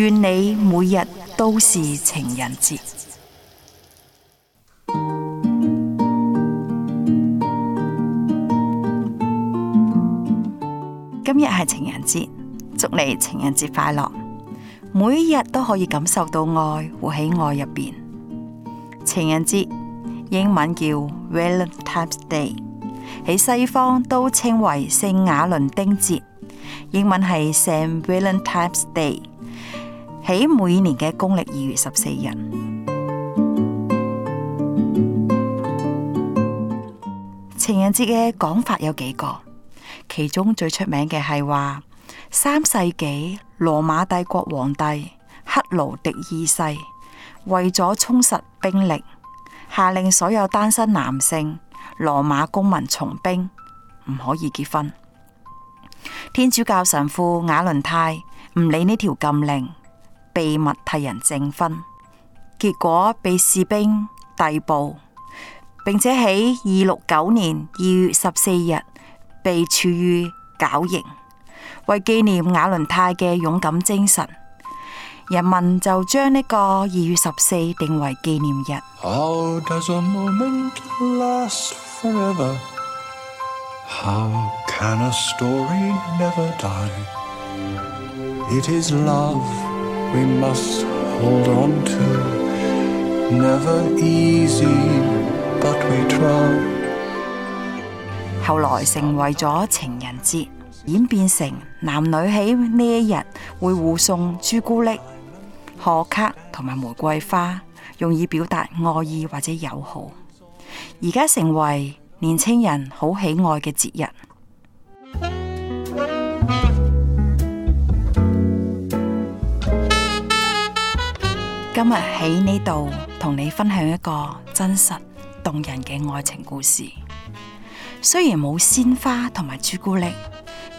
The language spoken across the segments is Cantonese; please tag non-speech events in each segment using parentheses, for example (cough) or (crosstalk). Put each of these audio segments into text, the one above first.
願你每日都是情人節。今日係情人節，祝你情人節快樂，每日都可以感受到愛，活喺愛入邊。情人節英文叫 Valentine's Day，喺西方都稱為聖雅倫丁節，英文係 Saint Valentine's Day。喺每年嘅公曆二月十四日，情人節嘅講法有幾個，其中最出名嘅係話，三世紀羅馬帝國皇帝克勞迪二世為咗充實兵力，下令所有單身男性羅馬公民從兵唔可以結婚。天主教神父瓦倫泰唔理呢條禁令。秘密替人證婚，結果被士兵逮捕，並且喺二六九年二月十四日被處於絞刑。為紀念瓦倫泰嘅勇敢精神，人民就將呢個二月十四定為紀念日。We must hold on to. Never easy, but we try. 後來成為咗情人節，演變成男女喺呢一日會互送朱古力、賀卡同埋玫瑰花，用以表達愛意或者友好。而家成為年青人好喜愛嘅節日。今日喺呢度同你分享一個真實動人嘅愛情故事。雖然冇鮮花同埋朱古力，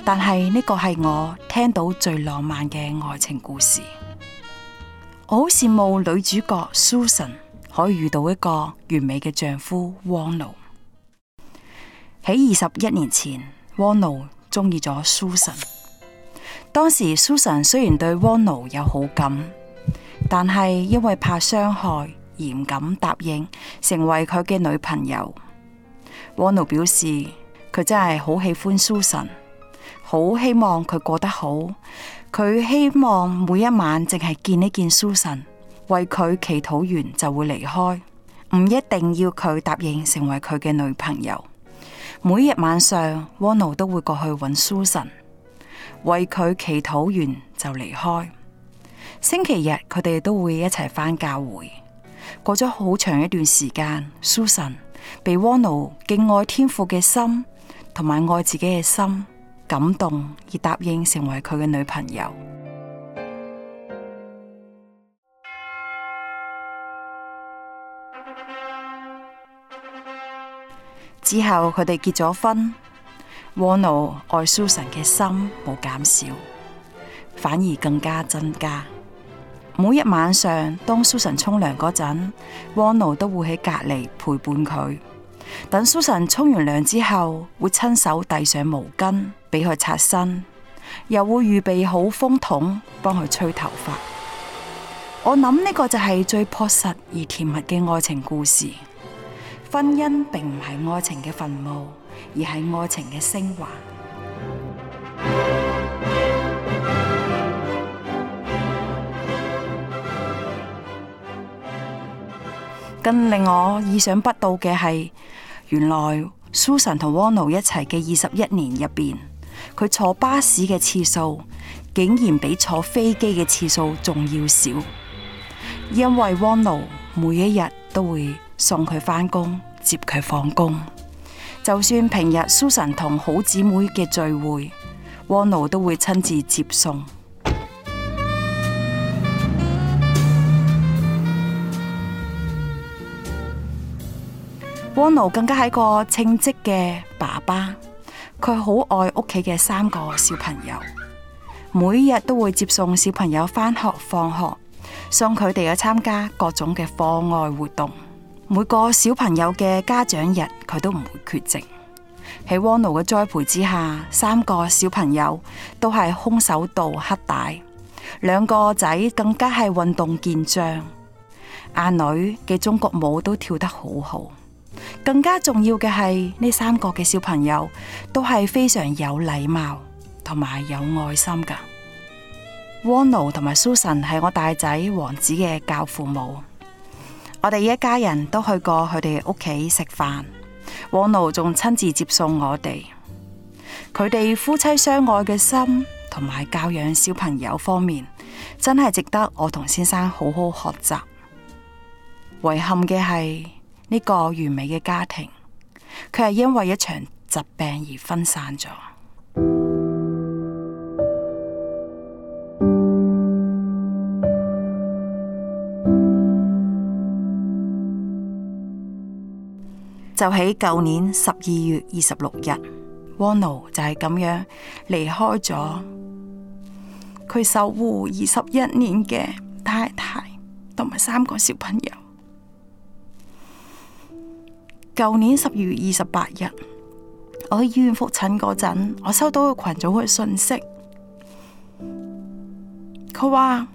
但係呢個係我聽到最浪漫嘅愛情故事。我好羨慕女主角 Susan 可以遇到一個完美嘅丈夫 Wono。喺二十一年前，Wono 中意咗 Susan。當時 Susan 雖然對 Wono 有好感。但係因為怕傷害而唔敢答應成為佢嘅女朋友。Wono 表示佢真係好喜歡 Susan，好希望佢過得好。佢希望每一晚淨係見一見 Susan，為佢祈禱完就會離開，唔一定要佢答應成為佢嘅女朋友。每日晚上，Wono 都會過去搵 Susan，為佢祈禱完就離開。星期日佢哋都會一齊返教會。過咗好長一段時間，Susan 被沃奴敬愛天父嘅心同埋愛自己嘅心感動，而答應成為佢嘅女朋友。之後佢哋結咗婚，沃奴愛 Susan 嘅心冇減少，反而更加增加。每一晚上，當 Susan 沖涼嗰陣，蝸牛都會喺隔籬陪伴佢。等 Susan 沖完涼之後，會親手遞上毛巾俾佢擦身，又會預備好風筒幫佢吹頭髮。我諗呢個就係最樸實而甜蜜嘅愛情故事。婚姻並唔係愛情嘅墳墓，而係愛情嘅升華。更令我意想不到嘅係，原來蘇神同汪奴一齊嘅二十一年入邊，佢坐巴士嘅次數竟然比坐飛機嘅次數仲要少，因為汪奴每一日都會送佢返工、接佢放工，就算平日蘇神同好姊妹嘅聚會，汪奴 (music) 都會親自接送。汪奴更加係個稱職嘅爸爸，佢好愛屋企嘅三個小朋友，每日都會接送小朋友返學、放學，送佢哋去參加各種嘅課外活動。每個小朋友嘅家長日，佢都唔會缺席。喺汪奴嘅栽培之下，三個小朋友都係空手道黑帶，兩個仔更加係運動健將，阿女嘅中國舞都跳得好好。更加重要嘅係呢三個嘅小朋友都係非常有禮貌同埋有愛心噶。沃奴同埋 Susan 係我大仔王子嘅教父母，我哋一家人都去過佢哋屋企食飯，沃奴仲親自接送我哋。佢哋夫妻相愛嘅心同埋教養小朋友方面，真係值得我同先生好好學習。遺憾嘅係。呢個完美嘅家庭，佢係因為一場疾病而分散咗。 (music) 就喺舊年十二月二十六日，Wono (music) 就係咁樣離開咗佢守護二十一年嘅太太同埋三個小朋友。舊年十二月二十八日，我去醫院復診嗰陣，我收到個群組嘅信息，佢話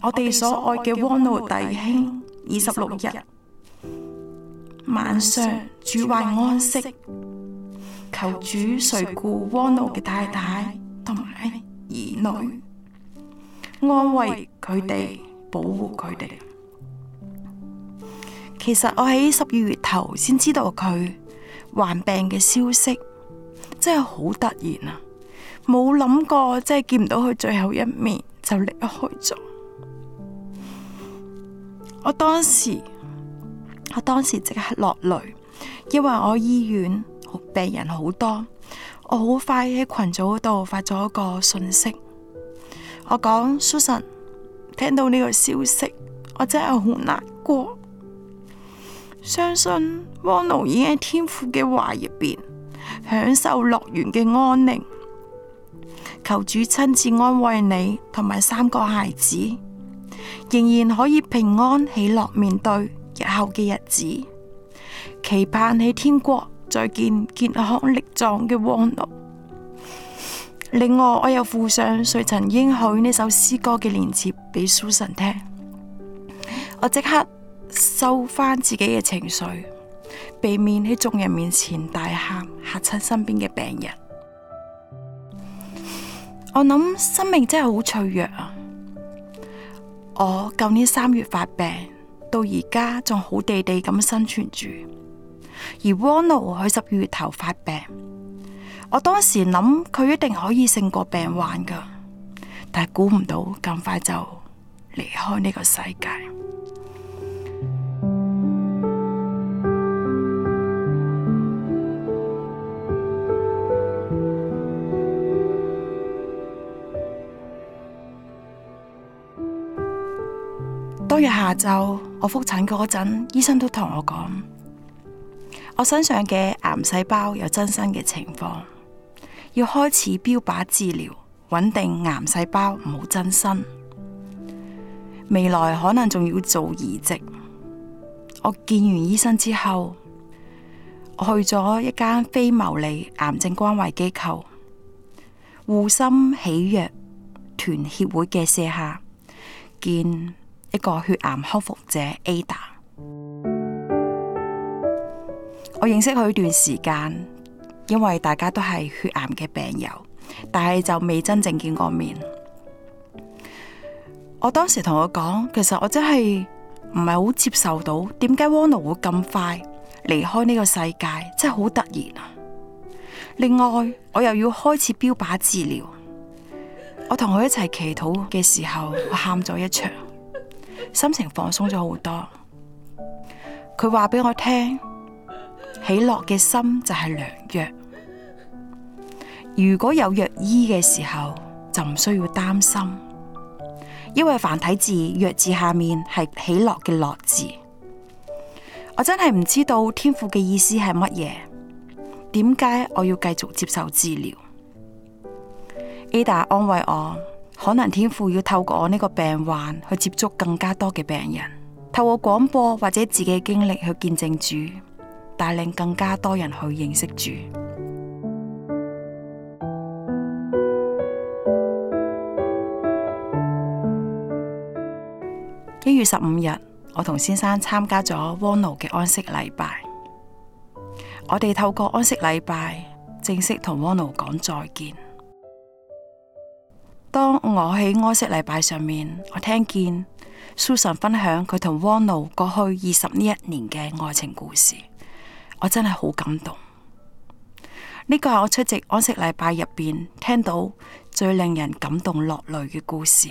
我哋所愛嘅汪奴弟兄二十六日晚上主懷安息，求主垂顧汪奴嘅太太同埋兒女，安慰佢哋，保護佢哋。其實我喺十二月頭先知道佢患病嘅消息，真係好突然啊！冇諗過，真係見唔到佢最後一面就離開咗。我當時，我當時即刻落淚，因為我醫院病人好多，我好快喺群組嗰度發咗一個信息，我講 a n 聽到呢個消息，我真係好難過。相信蝸奴已喺天父嘅懷入邊，享受樂園嘅安寧。求主親自安慰你同埋三個孩子，仍然可以平安喜樂面對日後嘅日子。期盼喺天國再見健康力壯嘅蝸奴。另外，我又附上《誰曾應許》呢首詩歌嘅連結俾蘇神聽。我即刻收翻自己嘅情緒，避免喺眾人面前大喊嚇親身邊嘅病人。我諗生命真係好脆弱啊！我舊年三月發病到而家仲好地地咁生存住，而 Wono 喺十二月頭發病，我當時諗佢一定可以勝過病患噶，但係估唔到咁快就離開呢個世界。當日下晝，我複診嗰陣，醫生都同我講，我身上嘅癌細胞有增生嘅情況，要開始標靶治療穩定癌細胞唔好增生，未來可能仲要做移植。我見完醫生之後，我去咗一間非牟利癌症關懷機構——護心喜悅團協會嘅社下見。一個血癌康復者 Ada，我認識佢段時間，因為大家都係血癌嘅病友，但係就未真正見過面。我當時同佢講，其實我真係唔係好接受到，點解 Wono 會咁快離開呢個世界，真係好突然啊！另外，我又要開始標靶治療，我同佢一齊祈禱嘅時候，我喊咗一場。心情放鬆咗好多，佢話俾我聽，喜樂嘅心就係良藥。如果有藥醫嘅時候，就唔需要擔心，因為繁體字藥字下面係喜樂嘅樂字。我真係唔知道天父嘅意思係乜嘢，點解我要繼續接受治療？Ada 安慰我。可能天父要透過我呢個病患去接觸更加多嘅病人，透過廣播或者自己嘅經歷去見證主，帶領更加多人去認識主。一月十五日，我同先生參加咗 Wono 嘅安息禮拜，我哋透過安息禮拜正式同 Wono 講再見。當我喺安息禮拜上面，我聽見 Susan 分享佢同 Wono 過去二十呢一年嘅愛情故事，我真係好感動。呢、這個係我出席安息禮拜入邊聽到最令人感動落淚嘅故事。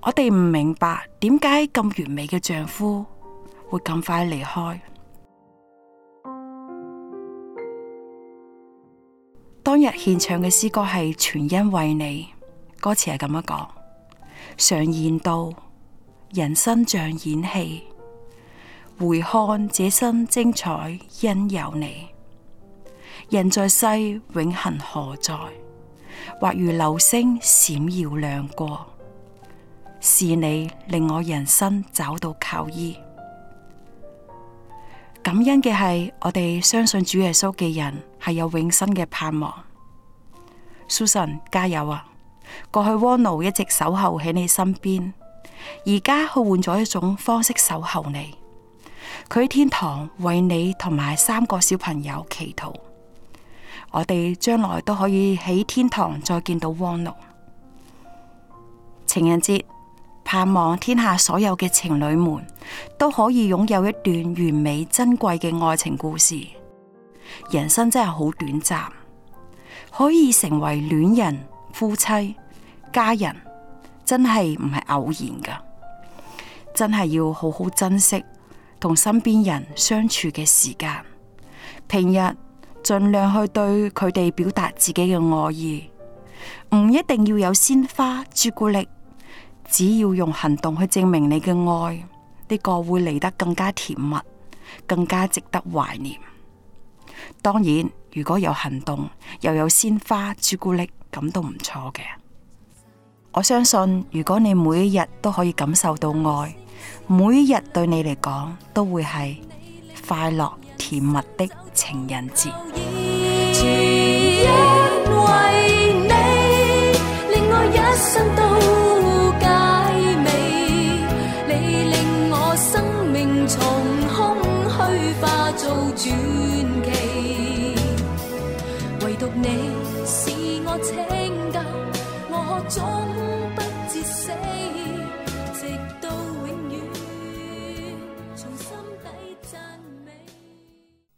我哋唔明白點解咁完美嘅丈夫會咁快離開。當日獻唱嘅詩歌係全因為你。歌詞係咁樣講，常言道，人生像演戲，回看這生精彩因有你。人在世永恆何在？或如流星閃耀亮過，是你令我人生找到靠依。感恩嘅係我哋相信主耶穌嘅人係有永生嘅盼望。Susan，加油啊！過去蝸牛一直守候喺你身邊，而家佢換咗一種方式守候你。佢喺天堂為你同埋三個小朋友祈禱。我哋將來都可以喺天堂再見到蝸牛。情人節，盼望天下所有嘅情侶們都可以擁有一段完美珍貴嘅愛情故事。人生真係好短暫，可以成為戀人、夫妻。家人真係唔係偶然噶，真係要好好珍惜同身邊人相處嘅時間。平日盡量去對佢哋表達自己嘅愛意，唔一定要有鮮花、朱古力，只要用行動去證明你嘅愛，呢個會嚟得更加甜蜜，更加值得懷念。當然，如果有行動又有鮮花、朱古力，咁都唔錯嘅。我相信，如果你每一日都可以感受到愛，每一日對你嚟講都會係快樂甜蜜的情人節。